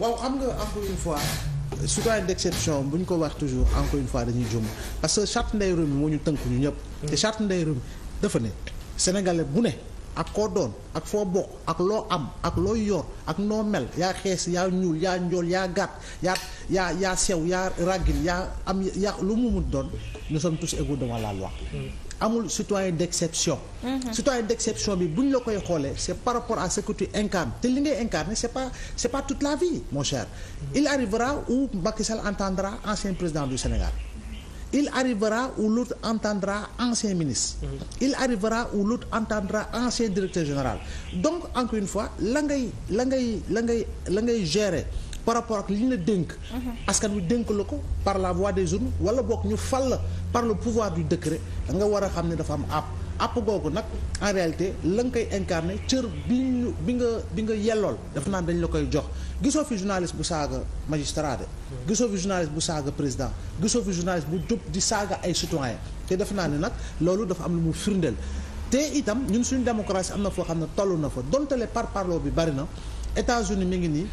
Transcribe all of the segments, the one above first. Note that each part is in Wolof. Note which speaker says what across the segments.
Speaker 1: waaw am nga encore une fois citoyen d'exception bu ñu ko wax toujours encore une fois dañuy jum parce que charte ndey réew moo ñu tënk ñu ñëpp te charte ndey réew dafa ne sénégalais bu ne ak koo doon ak foo bokk ak loo am ak loo yor ak noo mel yaa xees yaa ñuul yaa njool yaa gàtt yaa yaa yaa sew yaa ràggil yaa am yaa lu mu mun doon nous sommes tous égaux devant la loi mm-hmm. amul citoyen d'exception mm-hmm. citoyen d'exception bi bu ñu la koy xoolee c'est par rapport à ce que tu incarnes te li ngay incarner c'est pas c'est pas toute la vie mon cher mm-hmm. il arrivera où Macky entendra ancien président du Sénégal il arrivera où l'autre entendra ancien ministre mhm. il arrivera où l'autre entendra ancien directeur général donc encore une fois la ngay la ngay la ngay la ngay gérer par rapport ak li ñu la dénk mhm. askan wi dénk la ko par la voie des urnes wala boog ñu fal la par le pouvoir du décret da nga war a xam ne dafa am àpp àpp googu nag en réalité la koy incarné cër bi nga bi nga yellool dafa naan dañ la koy jox gisoo fi journaliste bu saaga magistrat de gisoo fi journaliste bu saaga président gisoo fi journaliste bu jóg di saaga ay citoyen te dafa naa ne nag loolu dafa am lu mu firndeel te itam ñun suñu démocratie am na foo xam ne toll na fa donte le par parloo bi bari na États-Unis mi ngi nii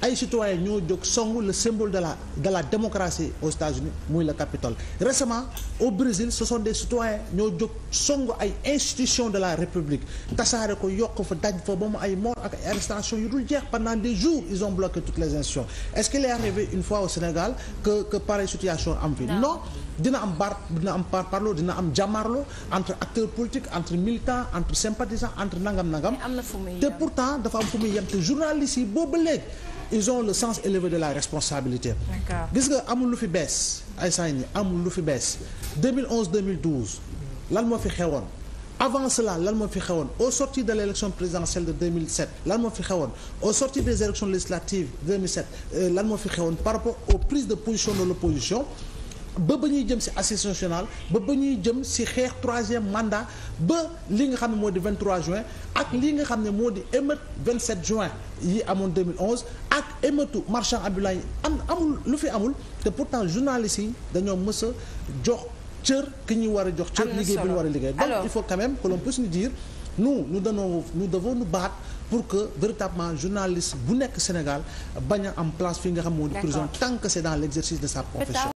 Speaker 1: ay citoyens ñoo jóg songu le symbole de la de la démocratie aux États-Unis muy le Capitole récemment au Brésil ce sont des citoyens ñoo jóg songu ay institutions de la République tasaare ko yokk fa daj fa ba mu ay mort ak ay arrestation yu dul jeex pendant des jours ils ont bloqué toutes les institutions est-ce qu'il est arrivé une fois au Sénégal que que pareille situation am fi non dina am bar dina am par parlo dina am jàmmarlo entre acteurs politiques entre militants entre sympathisants entre nangam nangam te pourtant dafa am fu muy yem te journalistes yi boobu léegi ils ont le sens élevé de la responsabilité. gis nga amul lu fi bees ay saa yi amul lu fi bees 2011 2012 lan moo fi xewoon. avant cela lan fi xewoon au sorti de l' élection présidentielle de 2007 lan moo fi xewoon au sorti des élections législatives 2007 euh, lan moo fi xewoon par rapport aux prises de position de l' ba ba ñuy jëm ci assise nationale ba ba ñuy jëm ci xeex troisième mandat ba li nga xam ne moo di 23 juin ak li nga xam ne moo di émeute 27 juin yi amoon 2011 ak émeute marchand ambulant yi am amul lu fi amul te pourtant journalistes yi dañoo mës a jox cër ki ñuy war a jox cër liggéey bi ñu war a liggéey donc il faut quand même que l'on puisse nous dire nous baat pour que véritablement journaliste bu nekk Sénégal bañ a am place fi nga xam moo di prison tant que c'est dans l'exercice de sa profession